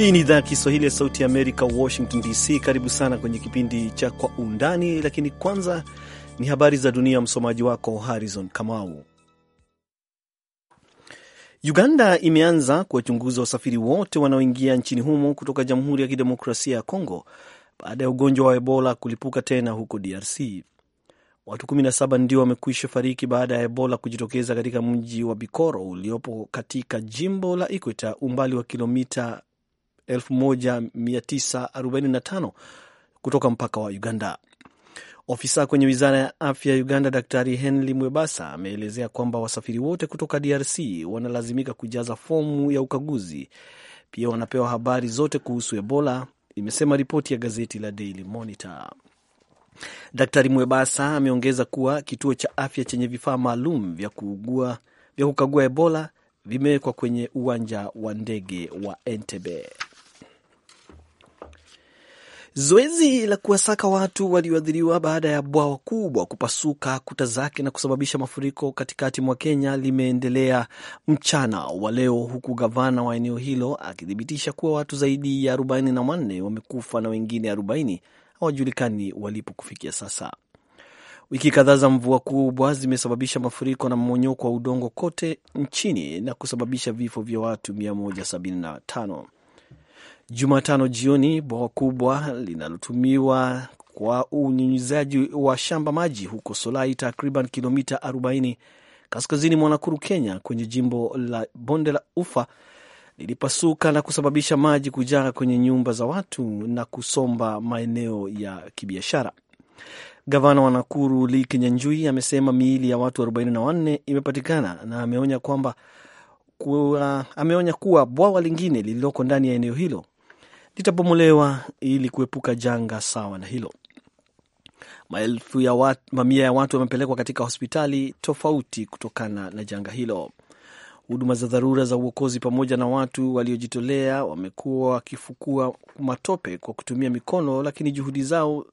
Hii ni idhaa ya Kiswahili ya Sauti ya Amerika, Washington DC. Karibu sana kwenye kipindi cha Kwa Undani, lakini kwanza ni habari za dunia. Msomaji wako Harrison Kamau. Uganda imeanza kuwachunguza wasafiri wote wanaoingia nchini humo kutoka Jamhuri ya Kidemokrasia ya Kongo baada ya ugonjwa wa Ebola kulipuka tena huko DRC. Watu 17 ndio wamekwisha fariki baada ya Ebola kujitokeza katika mji wa Bikoro uliopo katika jimbo la Ikweta, umbali wa kilomita 1945 kutoka mpaka wa Uganda. Ofisa kwenye wizara ya afya ya Uganda, Daktari Henry Mwebasa, ameelezea kwamba wasafiri wote kutoka DRC wanalazimika kujaza fomu ya ukaguzi. Pia wanapewa habari zote kuhusu Ebola, imesema ripoti ya gazeti la Daily Monitor. Daktari Mwebasa ameongeza kuwa kituo cha afya chenye vifaa maalum vya kuugua, vya kukagua Ebola vimewekwa kwenye uwanja wa ndege wa Entebbe. Zoezi la kuwasaka watu walioathiriwa baada ya bwawa kubwa kupasuka kuta zake na kusababisha mafuriko katikati mwa Kenya limeendelea mchana wa leo, huku gavana wa eneo hilo akithibitisha kuwa watu zaidi ya 44 wanne wamekufa na wengine arobaini hawajulikani walipo kufikia sasa. Wiki kadhaa za mvua kubwa zimesababisha mafuriko na mmonyoko wa udongo kote nchini na kusababisha vifo vya watu 175. Jumatano jioni bwawa kubwa linalotumiwa kwa unyunyizaji wa shamba maji huko Solai, takriban kilomita 40 kaskazini mwa Nakuru, Kenya, kwenye jimbo la bonde la Ufa lilipasuka na kusababisha maji kujaa kwenye nyumba za watu na kusomba maeneo ya kibiashara. Gavana wa Nakuru Lee Kinyanjui amesema miili ya watu 44 imepatikana na ameonya kwamba kuwa, ameonya kuwa bwawa lingine lililoko ndani ya eneo hilo kitabomolewa ili kuepuka janga sawa na hilo. Maelfu ya watu, mamia ya watu wamepelekwa katika hospitali tofauti kutokana na janga hilo. Huduma za dharura za uokozi pamoja na watu waliojitolea wamekuwa wakifukua matope kwa kutumia mikono, lakini juhudi zao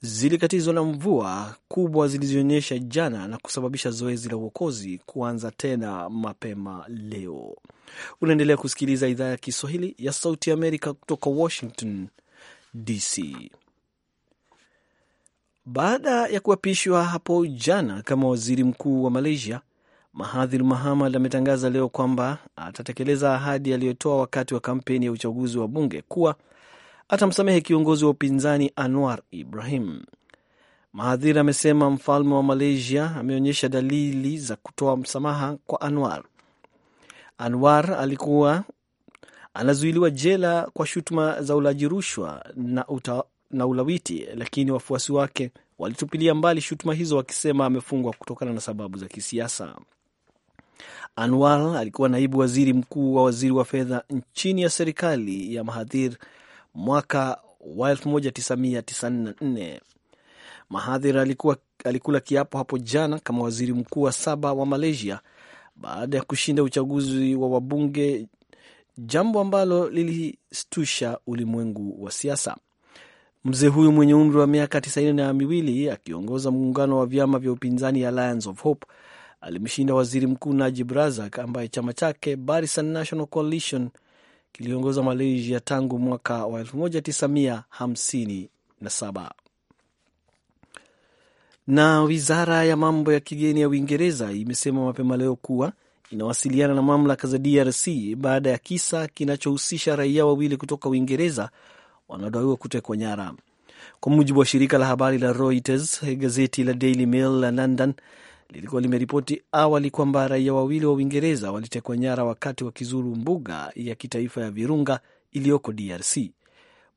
zilikatizwa na mvua kubwa zilizoonyesha jana na kusababisha zoezi la uokozi kuanza tena mapema leo. Unaendelea kusikiliza idhaa ya Kiswahili ya Sauti ya Amerika kutoka Washington DC. Baada ya kuapishwa hapo jana kama waziri mkuu wa Malaysia, Mahathir mahamad ametangaza leo kwamba atatekeleza ahadi aliyotoa wakati wa kampeni ya uchaguzi wa bunge kuwa atamsamehe kiongozi wa upinzani Anwar Ibrahim. Mahathir amesema mfalme wa Malaysia ameonyesha dalili za kutoa msamaha kwa Anwar. Anwar alikuwa anazuiliwa jela kwa shutuma za ulaji rushwa na, uta, na ulawiti, lakini wafuasi wake walitupilia mbali shutuma hizo wakisema amefungwa kutokana na sababu za kisiasa. Anwar alikuwa naibu waziri mkuu wa waziri wa fedha chini ya serikali ya Mahathir mwaka wa 1994. Mahathir alikuwa, alikula kiapo hapo jana kama waziri mkuu wa saba wa Malaysia baada ya kushinda uchaguzi wa wabunge, jambo ambalo lilistusha ulimwengu wa siasa. Mzee huyu mwenye umri wa miaka 9 na miwili akiongoza muungano wa vyama vya upinzani Alliance of Hope alimshinda waziri mkuu Najib Razak ambaye chama chake Barisan National Coalition kiliongoza Malaysia tangu mwaka wa 1957. Na wizara ya mambo ya kigeni ya Uingereza imesema mapema leo kuwa inawasiliana na mamlaka za DRC baada ya kisa kinachohusisha raia wawili kutoka Uingereza wanaodaiwa kutekwa nyara. Kwa mujibu wa shirika la habari la Reuters, gazeti la Daily Mail la London lilikuwa limeripoti awali kwamba raia wawili wa Uingereza walitekwa nyara wakati wakizuru mbuga ya kitaifa ya Virunga iliyoko DRC.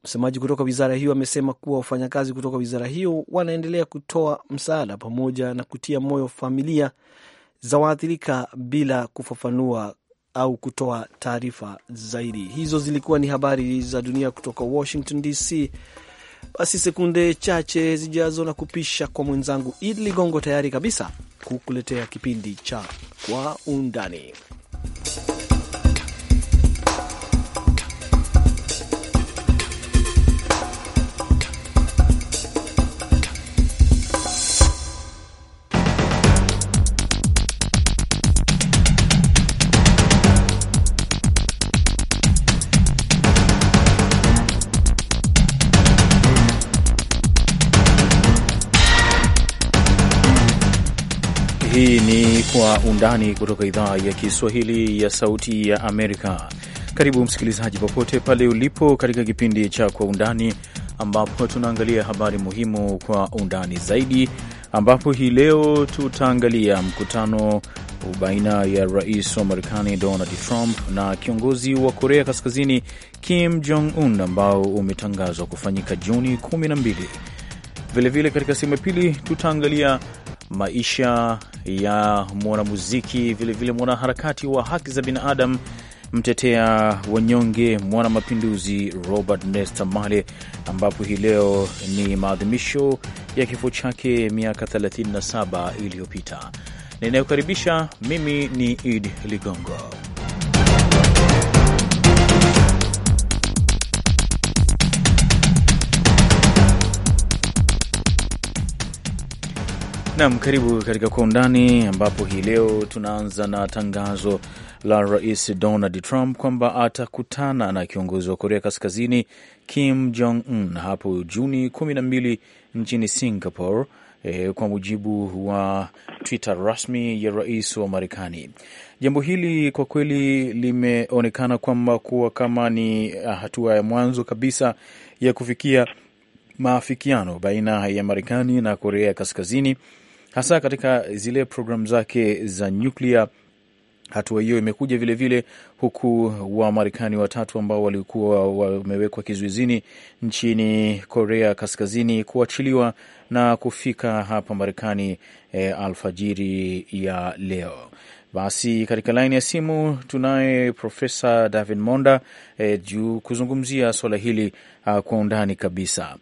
Msemaji kutoka wizara hiyo amesema kuwa wafanyakazi kutoka wizara hiyo wanaendelea kutoa msaada pamoja na kutia moyo familia za waathirika bila kufafanua au kutoa taarifa zaidi. Hizo zilikuwa ni habari za dunia kutoka Washington DC. Basi sekunde chache zijazo na kupisha kwa mwenzangu Idi Ligongo, tayari kabisa kukuletea kipindi cha Kwa Undani. Hii ni Kwa Undani kutoka idhaa ya Kiswahili ya Sauti ya Amerika. Karibu msikilizaji, popote pale ulipo, katika kipindi cha Kwa Undani ambapo tunaangalia habari muhimu kwa undani zaidi, ambapo hii leo tutaangalia mkutano baina ya rais wa Marekani Donald Trump na kiongozi wa Korea Kaskazini Kim Jong Un ambao umetangazwa kufanyika Juni 12. Vilevile katika sehemu ya pili tutaangalia maisha ya mwanamuziki, vilevile mwanaharakati wa haki za binadamu, mtetea wanyonge, mwana mapinduzi Robert Nesta Male, ambapo hii leo ni maadhimisho ya kifo chake miaka 37 iliyopita. Ninayokaribisha mimi ni Id Ligongo. Nam, karibu katika Kwa Undani, ambapo hii leo tunaanza na tangazo la Rais Donald Trump kwamba atakutana na kiongozi wa Korea Kaskazini Kim Jong Un hapo Juni kumi na mbili nchini Singapore. E, kwa mujibu wa Twitter rasmi ya rais wa Marekani, jambo hili kwa kweli limeonekana kwamba kuwa kama ni ah, hatua ya mwanzo kabisa ya kufikia maafikiano baina ya Marekani na Korea Kaskazini hasa katika zile programu zake za nyuklia. Hatua hiyo imekuja vilevile huku Wamarekani watatu ambao walikuwa wamewekwa kizuizini nchini Korea Kaskazini kuachiliwa na kufika hapa Marekani e, alfajiri ya leo. Basi katika laini ya simu tunaye Profesa David Monda e, juu kuzungumzia swala hili a, ah, kwa undani kabisa.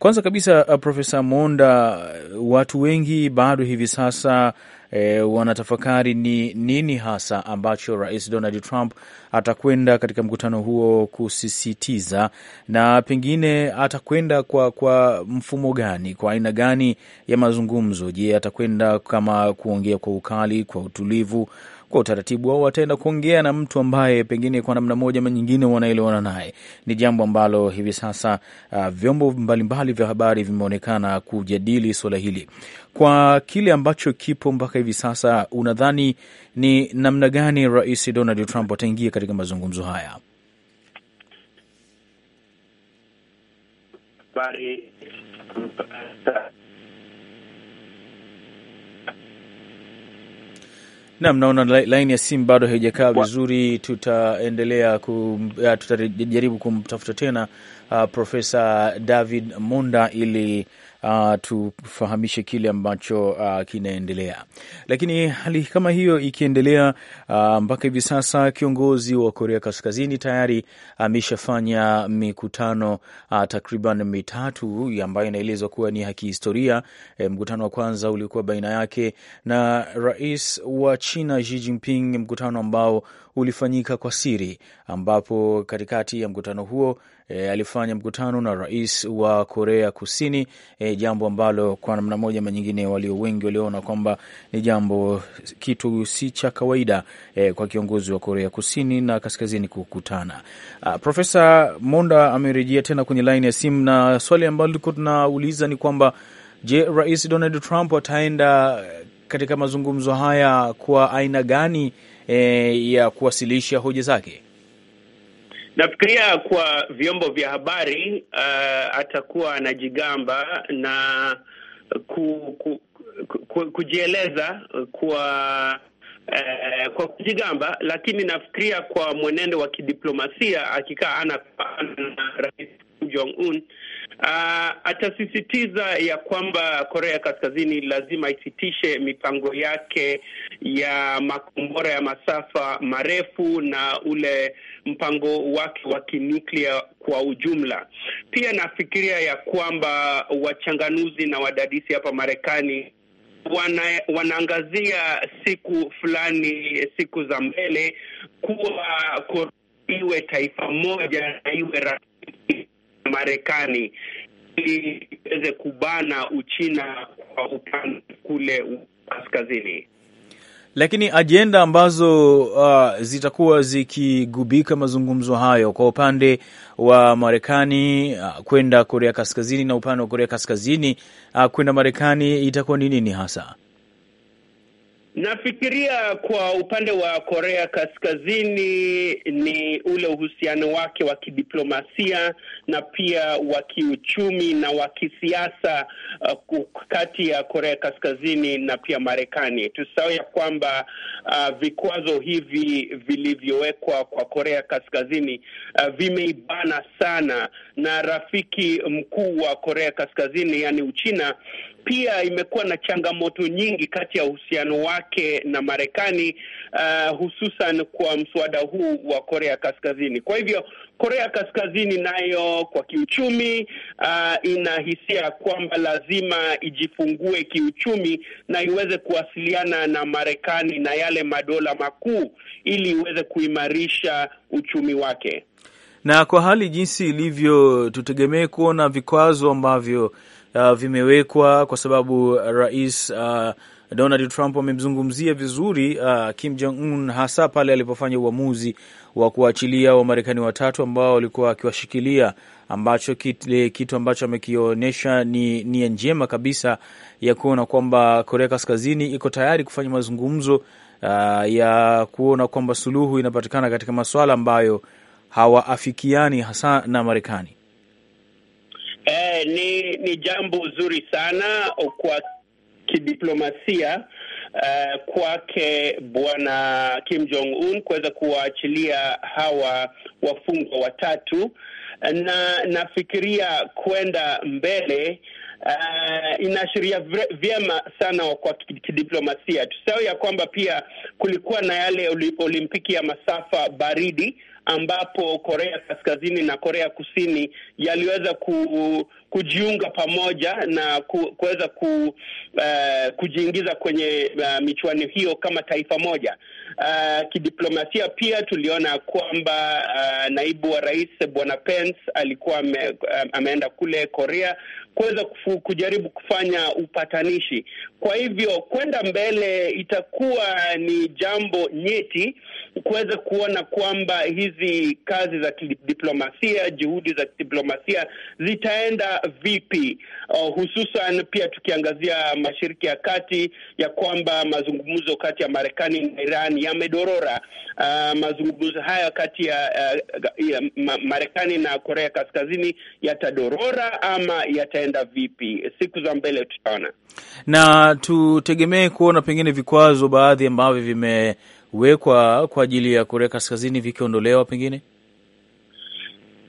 Kwanza kabisa, uh, Profesa Monda, uh, watu wengi bado hivi sasa e, wanatafakari ni nini hasa ambacho Rais Donald Trump atakwenda katika mkutano huo kusisitiza, na pengine atakwenda kwa, kwa mfumo gani, kwa aina gani ya mazungumzo? Je, atakwenda kama kuongea kwa ukali, kwa utulivu kwa utaratibu au ataenda kuongea na mtu ambaye pengine kwa namna moja ama nyingine wanaelewana naye. Ni jambo ambalo hivi sasa uh, vyombo mbalimbali vya habari vimeonekana kujadili suala hili. Kwa kile ambacho kipo mpaka hivi sasa, unadhani ni namna gani Rais Donald Trump ataingia katika mazungumzo haya? nam Naam, naona laini ya simu bado haijakaa vizuri. Tutaendelea ku, ah, tutajaribu kumtafuta tena uh, ah, Profesa David Munda ili uh, tufahamishe kile ambacho uh, kinaendelea. Lakini hali kama hiyo ikiendelea uh, mpaka hivi sasa kiongozi wa Korea Kaskazini tayari ameshafanya mikutano uh, takriban mitatu ambayo inaelezwa kuwa ni ya kihistoria. E, mkutano wa kwanza ulikuwa baina yake na rais wa China Xi Jinping, mkutano ambao ulifanyika kwa siri, ambapo katikati ya mkutano huo e, alifanya mkutano na rais wa Korea Kusini e, jambo ambalo kwa namna moja ama nyingine walio wengi waliona kwamba ni jambo kitu si cha kawaida e, kwa kiongozi wa Korea Kusini na Kaskazini kukutana. Profesa Monda amerejea tena kwenye laini ya simu, na swali ambalo tulikuwa tunauliza ni kwamba je, Rais Donald Trump ataenda katika mazungumzo haya kwa aina gani e, ya kuwasilisha hoja zake? Nafikiria kwa vyombo vya habari uh, atakuwa anajigamba na ku, ku, ku, ku, kujieleza kwa uh, kwa kujigamba, lakini nafikiria kwa mwenendo wa kidiplomasia akikaa ana kwa ana na Rais Kim Jong Un uh, atasisitiza ya kwamba Korea Kaskazini lazima isitishe mipango yake ya makombora ya masafa marefu na ule mpango wake wa kinuklia kwa ujumla. Pia nafikiria ya kwamba wachanganuzi na wadadisi hapa Marekani wana, wanaangazia siku fulani, siku za mbele kuwa iwe taifa moja na iwe rafiki Marekani ili iweze kubana Uchina kwa upande kule kaskazini. Lakini ajenda ambazo uh, zitakuwa zikigubika mazungumzo hayo kwa upande wa Marekani uh, kwenda Korea Kaskazini na upande wa Korea Kaskazini uh, kwenda Marekani itakuwa ni nini hasa? Nafikiria kwa upande wa Korea Kaskazini ni ule uhusiano wake wa kidiplomasia na pia wa kiuchumi na wa kisiasa uh, kati ya Korea Kaskazini na pia Marekani. Tusahau ya kwamba uh, vikwazo hivi vilivyowekwa kwa Korea Kaskazini uh, vimeibana sana, na rafiki mkuu wa Korea Kaskazini, yaani Uchina, pia imekuwa na changamoto nyingi kati ya uhusiano wake na Marekani, uh, hususan kwa mswada huu wa Korea Kaskazini. Kwa hivyo Korea Kaskazini nayo kwa kiuchumi, uh, ina hisia kwamba lazima ijifungue kiuchumi na iweze kuwasiliana na Marekani na yale madola makuu ili iweze kuimarisha uchumi wake. Na kwa hali jinsi ilivyo, tutegemee kuona vikwazo ambavyo uh, vimewekwa kwa sababu uh, rais uh, Donald Trump amemzungumzia vizuri uh, Kim Jong Un hasa pale alipofanya uamuzi wa kuachilia Wamarekani watatu ambao walikuwa akiwashikilia, ambacho kile eh, kitu ambacho amekionyesha ni nia njema kabisa ya kuona kwamba Korea Kaskazini iko tayari kufanya mazungumzo uh, ya kuona kwamba suluhu inapatikana katika masuala ambayo hawaafikiani hasa na Marekani. Eh, ni ni jambo zuri sana kwa kidiplomasia eh, kwake Bwana Kim Jong Un kuweza kuwaachilia hawa wafungwa watatu, na nafikiria kwenda mbele Uh, inaashiria vyema sana kwa kidiplomasia. Tusahau ya kwamba pia kulikuwa na yale olimpiki ya masafa baridi ambapo Korea Kaskazini na Korea Kusini yaliweza ku kujiunga pamoja na kuweza ku, uh, kujiingiza kwenye uh, michuano hiyo kama taifa moja. Uh, kidiplomasia pia tuliona kwamba uh, naibu wa rais Bwana Pence alikuwa ame, ameenda kule Korea kuweza kujaribu kufanya upatanishi. Kwa hivyo kwenda mbele itakuwa ni jambo nyeti kuweza kuona kwamba hizi kazi za kidiplomasia, juhudi za kidiplomasia zitaenda vipi, uh, hususan pia tukiangazia Mashariki ya Kati ya kwamba mazungumzo kati ya Marekani na Iran yamedorora. Uh, mazungumzo haya kati ya, uh, ya ma Marekani na Korea Kaskazini yatadorora ama yataenda vipi? Siku za mbele tutaona, na tutegemee kuona pengine vikwazo baadhi ambavyo vimewekwa kwa ajili ya Korea Kaskazini vikiondolewa pengine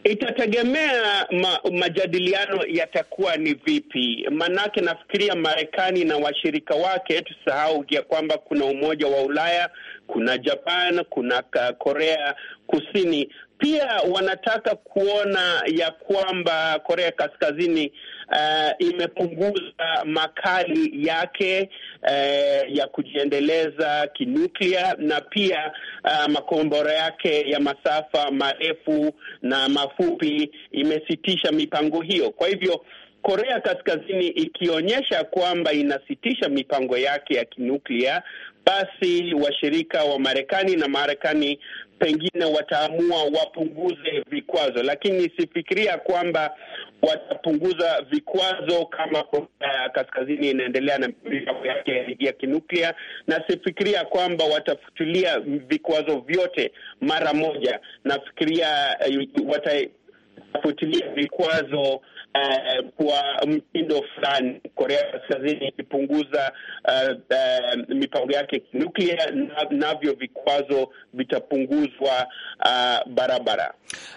Itategemea ma, majadiliano yatakuwa ni vipi, manake nafikiria Marekani na washirika wake, tusahau ya kwamba kuna Umoja wa Ulaya, kuna Japan, kuna Korea Kusini pia wanataka kuona ya kwamba Korea Kaskazini uh, imepunguza makali yake uh, ya kujiendeleza kinuklia na pia uh, makombora yake ya masafa marefu na mafupi, imesitisha mipango hiyo. Kwa hivyo Korea Kaskazini ikionyesha kwamba inasitisha mipango yake ya kinuklia, basi washirika wa Marekani na Marekani pengine wataamua wapunguze vikwazo, lakini sifikiria kwamba watapunguza vikwazo kama Korea ya Kaskazini inaendelea na mipango yake ya kinuklia, na sifikiria kwamba watafutilia vikwazo vyote mara moja. Nafikiria eh, watafutilia vikwazo uh, kwa mtindo fulani, Korea Kaskazini ikipunguza uh, uh, mipango yake kinuklia, navyo vikwazo vitapunguzwa uh, barabara.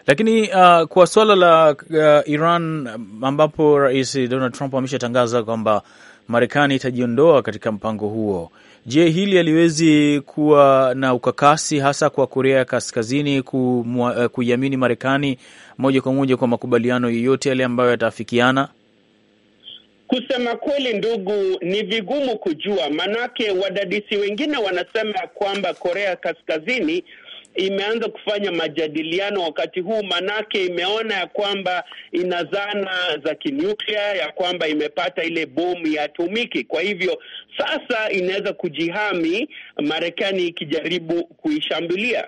Lakini uh, kwa suala la uh, Iran ambapo Rais Donald Trump ameshatangaza kwamba Marekani itajiondoa katika mpango huo. Je, hili haliwezi kuwa na ukakasi hasa kwa Korea ya Kaskazini eh, kuiamini Marekani moja kwa moja kwa makubaliano yoyote yale ambayo yataafikiana? Kusema kweli, ndugu, ni vigumu kujua, manake wadadisi wengine wanasema kwamba Korea Kaskazini imeanza kufanya majadiliano wakati huu, manake imeona ya kwamba ina zana za kinuklia, ya kwamba imepata ile bomu ya atomiki. Kwa hivyo sasa inaweza kujihami Marekani ikijaribu kuishambulia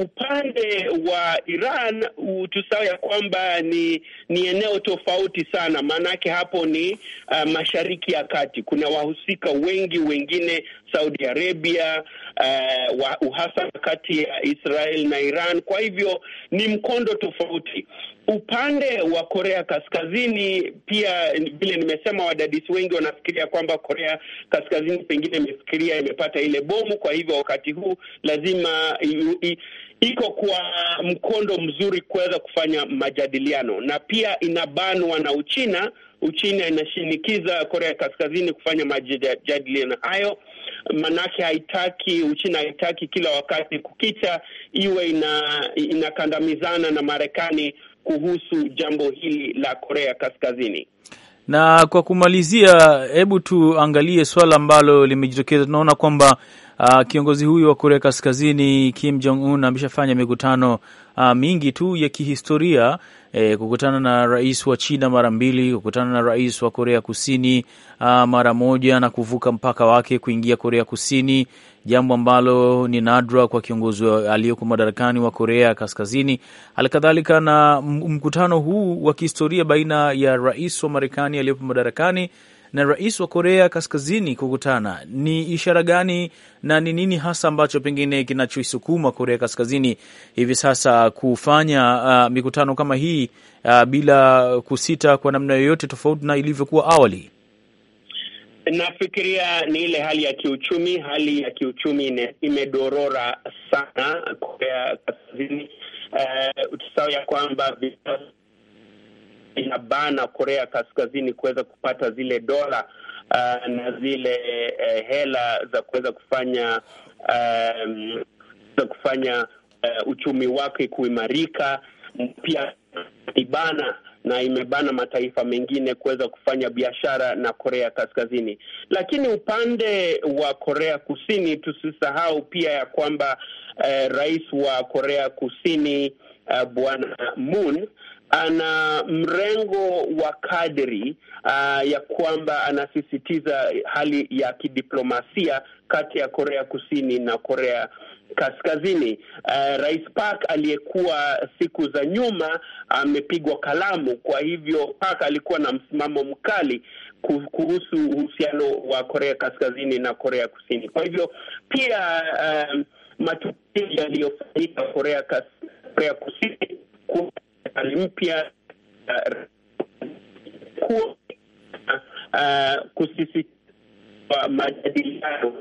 upande wa Iran tusahau ya kwamba ni ni eneo tofauti sana, maanake hapo ni uh, mashariki ya kati. Kuna wahusika wengi wengine, Saudi Arabia, uh, wa uhasama kati ya Israel na Iran. Kwa hivyo ni mkondo tofauti. Upande wa Korea Kaskazini pia vile nimesema, wadadisi wengi wanafikiria kwamba Korea Kaskazini pengine imefikiria imepata ile bomu, kwa hivyo wakati huu lazima iko kwa mkondo mzuri kuweza kufanya majadiliano, na pia inabanwa na Uchina. Uchina inashinikiza Korea Kaskazini kufanya majadiliano hayo, manake haitaki, Uchina haitaki kila wakati kukicha iwe ina, inakandamizana na Marekani kuhusu jambo hili la Korea Kaskazini. Na kwa kumalizia, hebu tuangalie swala ambalo limejitokeza. Tunaona kwamba Uh, kiongozi huyu wa Korea Kaskazini Kim Jong Un ameshafanya mikutano uh, mingi tu ya kihistoria eh, kukutana na rais wa China mara mbili, kukutana na rais wa Korea Kusini uh, mara moja na kuvuka mpaka wake kuingia Korea Kusini, jambo ambalo ni nadra kwa kiongozi aliyoko madarakani wa Korea Kaskazini. Halikadhalika na mkutano huu wa kihistoria baina ya rais wa Marekani aliyopo madarakani na rais wa Korea Kaskazini kukutana, ni ishara gani na ni nini hasa ambacho pengine kinachoisukuma Korea Kaskazini hivi sasa kufanya uh, mikutano kama hii uh, bila kusita kwa namna yoyote tofauti na ilivyokuwa awali? Nafikiria ni ile hali ya kiuchumi. Hali ya kiuchumi imedorora sana Korea Kaskazini. Uh, tusahau ya kwamba inabana Korea Kaskazini kuweza kupata zile dola uh, na zile uh, hela za kuweza kufanya um, za kufanya uh, uchumi wake kuimarika, pia ibana na imebana mataifa mengine kuweza kufanya biashara na Korea Kaskazini. Lakini upande wa Korea Kusini tusisahau pia ya kwamba uh, rais wa Korea Kusini uh, Bwana Moon ana mrengo wa kadri uh, ya kwamba anasisitiza hali ya kidiplomasia kati ya Korea Kusini na Korea Kaskazini. Uh, Rais Park aliyekuwa siku za nyuma amepigwa uh, kalamu. Kwa hivyo Park alikuwa na msimamo mkali kuhusu uhusiano wa Korea Kaskazini na Korea Kusini. Kwa hivyo pia um, matukio yaliyofanyika Korea, Korea Kusini serikali mpya uh, uh, kusisitiza majadiliano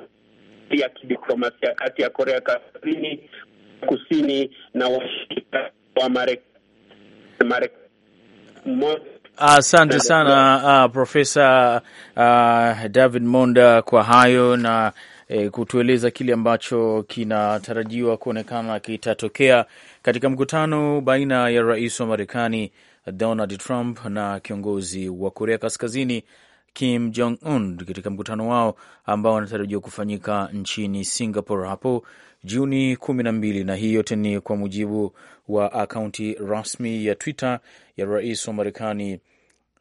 ya kidiplomasia kati ya Korea Kaskazini, Kusini na washirika wa Marekani mmoja Asante sana uh, Profesa uh, David Monda kwa hayo na eh, kutueleza kile ambacho kinatarajiwa kuonekana kitatokea katika mkutano baina ya rais wa Marekani Donald Trump na kiongozi wa Korea Kaskazini Kim Jong Un katika mkutano wao ambao wanatarajiwa kufanyika nchini Singapore hapo Juni kumi na mbili, na hii yote ni kwa mujibu wa akaunti rasmi ya Twitter ya rais wa Marekani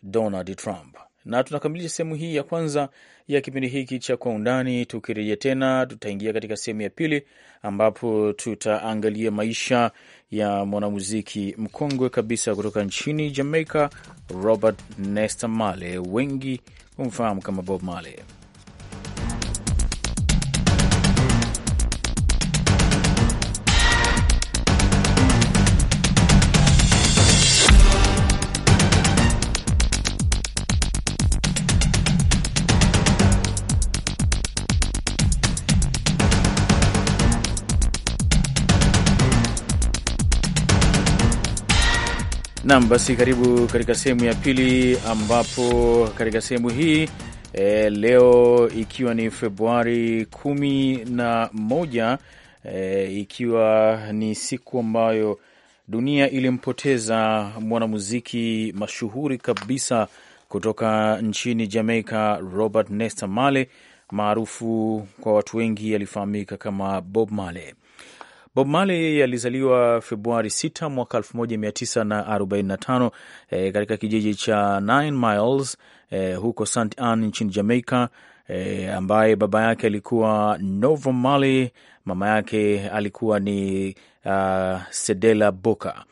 Donald Trump na tunakamilisha sehemu hii ya kwanza ya kipindi hiki cha Kwa Undani. Tukirejea tena, tutaingia katika sehemu ya pili ambapo tutaangalia maisha ya mwanamuziki mkongwe kabisa kutoka nchini Jamaica, Robert Nesta Marley, wengi kumfahamu kama Bob Marley. Nam, basi karibu katika sehemu ya pili, ambapo katika sehemu hii e, leo ikiwa ni Februari kumi na moja e, ikiwa ni siku ambayo dunia ilimpoteza mwanamuziki mashuhuri kabisa kutoka nchini Jamaica, Robert Nesta Marley, maarufu kwa watu wengi alifahamika kama Bob Marley. Bob Marley yeye alizaliwa Februari 6 mwaka 1945 e, eh, katika kijiji cha Nine Miles e, huko St Anne nchini Jamaica e, ambaye baba yake alikuwa Novo Marley, mama yake alikuwa ni uh, Sedela Boka.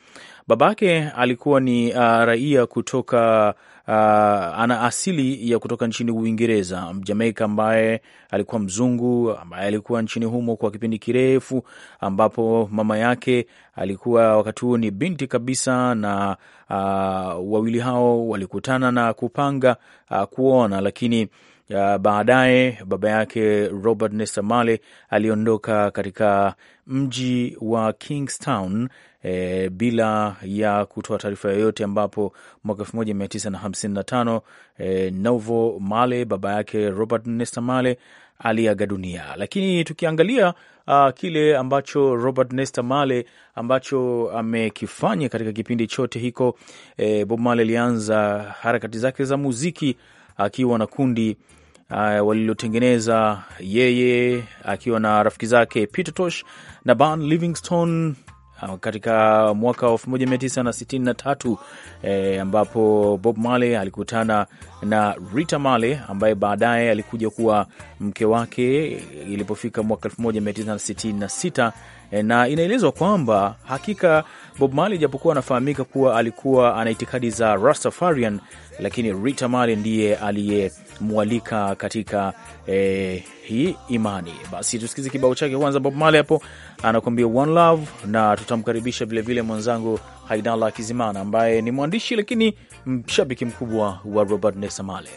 Babake alikuwa ni uh, raia kutoka uh, ana asili ya kutoka nchini Uingereza, Jamaika ambaye alikuwa mzungu ambaye alikuwa nchini humo kwa kipindi kirefu, ambapo mama yake alikuwa wakati huo ni binti kabisa, na uh, wawili hao walikutana na kupanga uh, kuona lakini Uh, baadaye baba yake Robert Nesta aliondoka katika mji wa Kingstown e, bila ya kutoa taarifa yoyote, ambapo mwaka tano e, Novo Male baba yake Robert Nesta Male aliaga dunia. Lakini tukiangalia uh, kile ambacho Robert Nesta Male ambacho amekifanya katika kipindi chote hiko, e, Bob Male alianza harakati zake za muziki akiwa na kundi Uh, walilotengeneza yeye akiwa na rafiki zake Peter Tosh na ban Livingstone katika mwaka 1963 eh, ambapo Bob Marley alikutana na Rita Marley ambaye baadaye alikuja kuwa mke wake ilipofika mwaka 1966 eh, na inaelezwa kwamba hakika Bob Marley japokuwa anafahamika kuwa alikuwa ana itikadi za Rastafarian, lakini Rita Marley ndiye aliye mwalika katika eh, hii imani. Basi tusikize kibao chake kwanza, Bob Marley hapo anakuambia one love, na tutamkaribisha vilevile mwenzangu Haidala Kizimana ambaye ni mwandishi lakini mshabiki mkubwa wa Robert Nesa Male.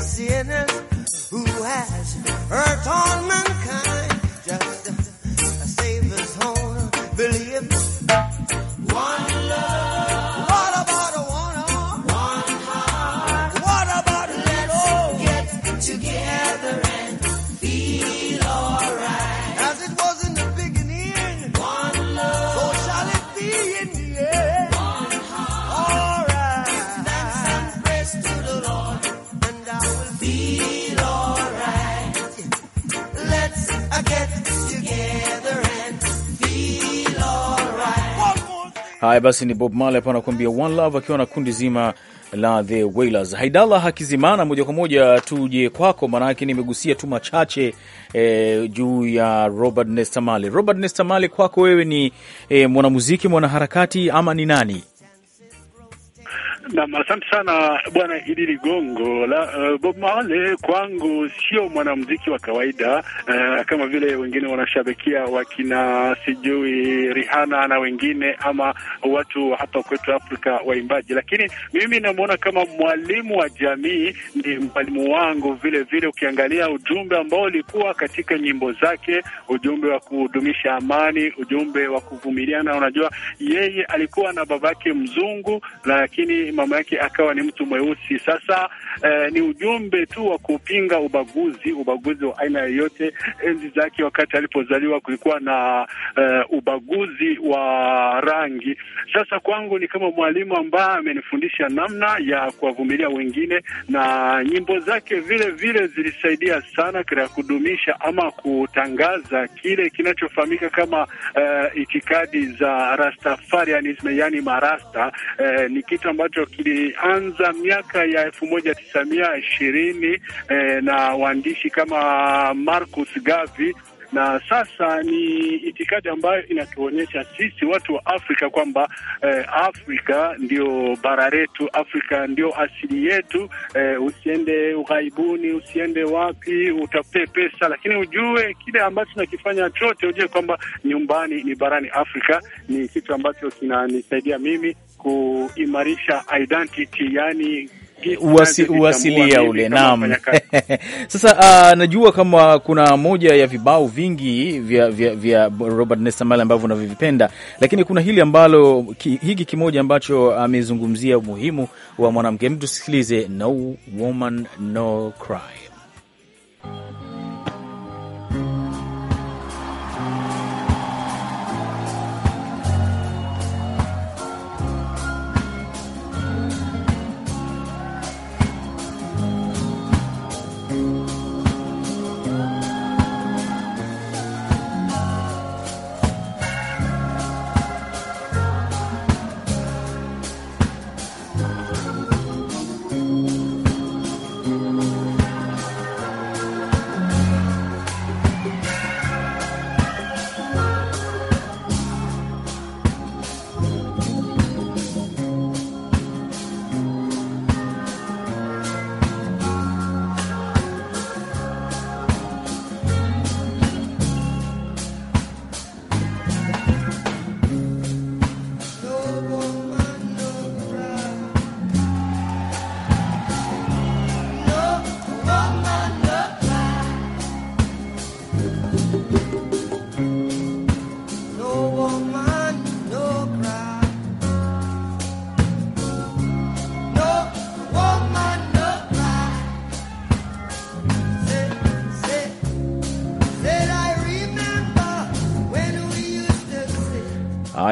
Sinners has her torment. Haya basi, ni Bob Marley hapo anakuambia One Love akiwa na kundi zima la The Wailers. Haidala Hakizimana, moja kwa moja tuje kwako, maanake nimegusia tu machache eh, juu ya Robert Nestamale. Robert Nestamale, kwako wewe ni eh, mwanamuziki, mwanaharakati ama ni nani? Naam, asante sana bwana Idi Ligongo. La, uh, Bob Marley kwangu sio mwanamuziki wa kawaida uh, kama vile wengine wanashabikia wakina sijui Rihanna na wengine ama watu hapa kwetu Afrika waimbaji, lakini mimi namuona kama mwalimu wa jamii, ni mwalimu wangu vile vile. Ukiangalia ujumbe ambao ulikuwa katika nyimbo zake, ujumbe wa kudumisha amani, ujumbe wa kuvumiliana. Unajua yeye alikuwa na babake mzungu, lakini mama yake akawa ni mtu mweusi. Sasa eh, ni ujumbe tu wa kupinga ubaguzi, ubaguzi wa aina yoyote. Enzi zake wakati alipozaliwa kulikuwa na eh, ubaguzi wa rangi. Sasa kwangu ni kama mwalimu ambaye amenifundisha namna ya kuwavumilia wengine, na nyimbo zake vile vile zilisaidia sana katika kudumisha ama kutangaza kile kinachofahamika kama eh, itikadi za Rastafarianism, yani marasta eh, ni kitu ambacho ambacho kilianza miaka ya elfu moja tisa mia ishirini eh, na waandishi kama Marcus Garvey na sasa ni itikadi ambayo inatuonyesha sisi watu wa Afrika kwamba eh, Afrika ndio bara letu, Afrika ndio asili yetu. Eh, usiende ughaibuni, usiende wapi utafute pesa, lakini ujue kile ambacho nakifanya chote, ujue kwamba nyumbani ni barani Afrika. Ni kitu ambacho kinanisaidia mimi kuimarisha identity yani uwasi, uwasilia ule naam. Sasa uh, najua kama kuna moja ya vibao vingi vya, vya, vya Robert Nesta Marley ambavyo unavyovipenda, lakini kuna hili ambalo ki, hiki kimoja ambacho amezungumzia umuhimu wa mwanamke. Hebu tusikilize No Woman No Cry.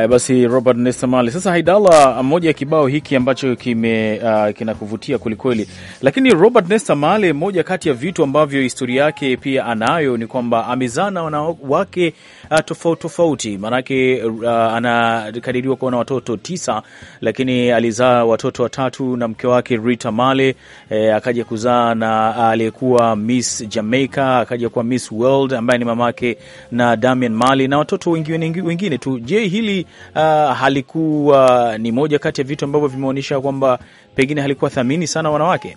Haya basi, Robert Nesamali. Sasa Haidala, moja ya kibao hiki ambacho kime uh, kinakuvutia kwelikweli, lakini Robert Nesamali, moja kati ya vitu ambavyo historia yake pia anayo ni kwamba amezaa na wanawake uh, tofauti tofauti, maanake uh, anakadiriwa kuwa na watoto tisa, lakini alizaa watoto watatu na mke wake Rita Male eh, akaja kuzaa na aliyekuwa Miss Jamaica, akaja kuwa Miss World ambaye ni mamake na Damian Male na watoto wengine wengine tu. Je, hili uh, halikuwa ni moja kati ya vitu ambavyo vimeonyesha kwamba pengine halikuwa thamini sana wanawake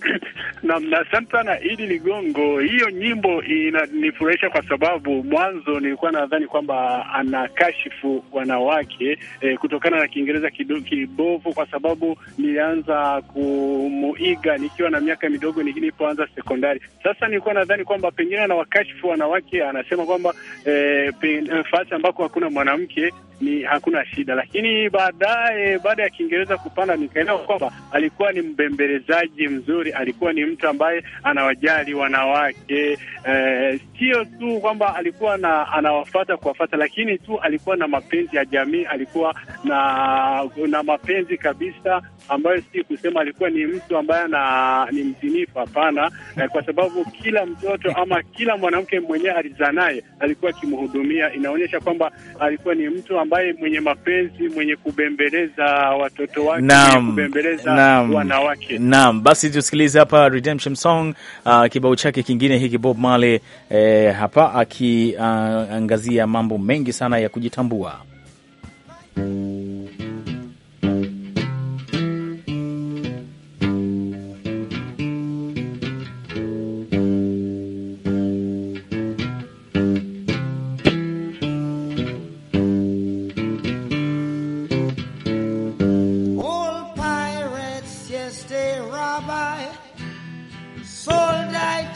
na asante sana Idi Ligongo. Hiyo nyimbo inanifurahisha kwa sababu mwanzo nilikuwa nadhani kwamba ana kashifu wanawake eh, kutokana na Kiingereza kibovu, kwa sababu nilianza kumuiga nikiwa na miaka midogo nilipoanza sekondari. Sasa nilikuwa nadhani kwamba pengine wakashifu wanawake, anasema kwamba e, nafasi ambako hakuna mwanamke ni hakuna shida, lakini baadaye, baada ya Kiingereza kupanda, nikaelewa kwamba alikuwa ni mbembelezaji mzuri, alikuwa ni mtu mtu ambaye anawajali wanawake eh, sio tu kwamba alikuwa na anawafata kuwafata, lakini tu alikuwa na mapenzi ya jamii, alikuwa na na mapenzi kabisa, ambayo si kusema alikuwa ni mtu ambaye na, ni mzinifu. Hapana eh, kwa sababu kila mtoto ama kila mwanamke mwenyewe alizaa naye alikuwa akimhudumia. Inaonyesha kwamba alikuwa ni mtu ambaye mwenye mapenzi, mwenye kubembeleza watoto wake, kubembeleza wanawake. Naam, basi tusikilize hapa Rita Redemption Song, uh, kibao chake kingine hiki Bob Marley eh, hapa akiangazia uh, mambo mengi sana ya kujitambua.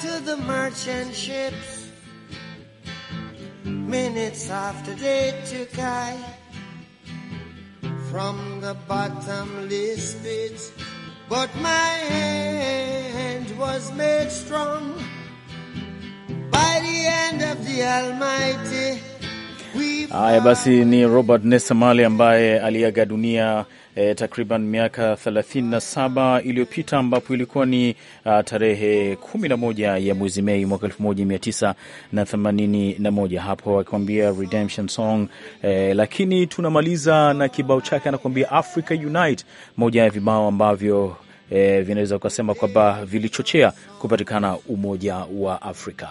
to the merchant ships. Minutes after they took I from the bottomless pit, but my hand was made strong by the hand of the Almighty. Haya basi, ni Robert Nesamali ambaye aliaga dunia e, takriban miaka 37 iliyopita ambapo ilikuwa ni uh, tarehe 11 ya mwezi Mei mwaka 1981. Hapo akikwambia Redemption Song e, lakini tunamaliza na kibao chake anakuambia Africa Unite, moja ya vibao ambavyo e, vinaweza ukasema kwamba vilichochea kupatikana umoja wa Afrika.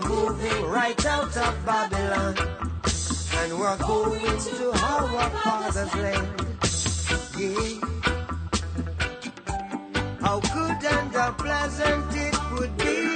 we're moving right out of Babylon. And we're going to our father's land. Yeah. How good and how pleasant it would be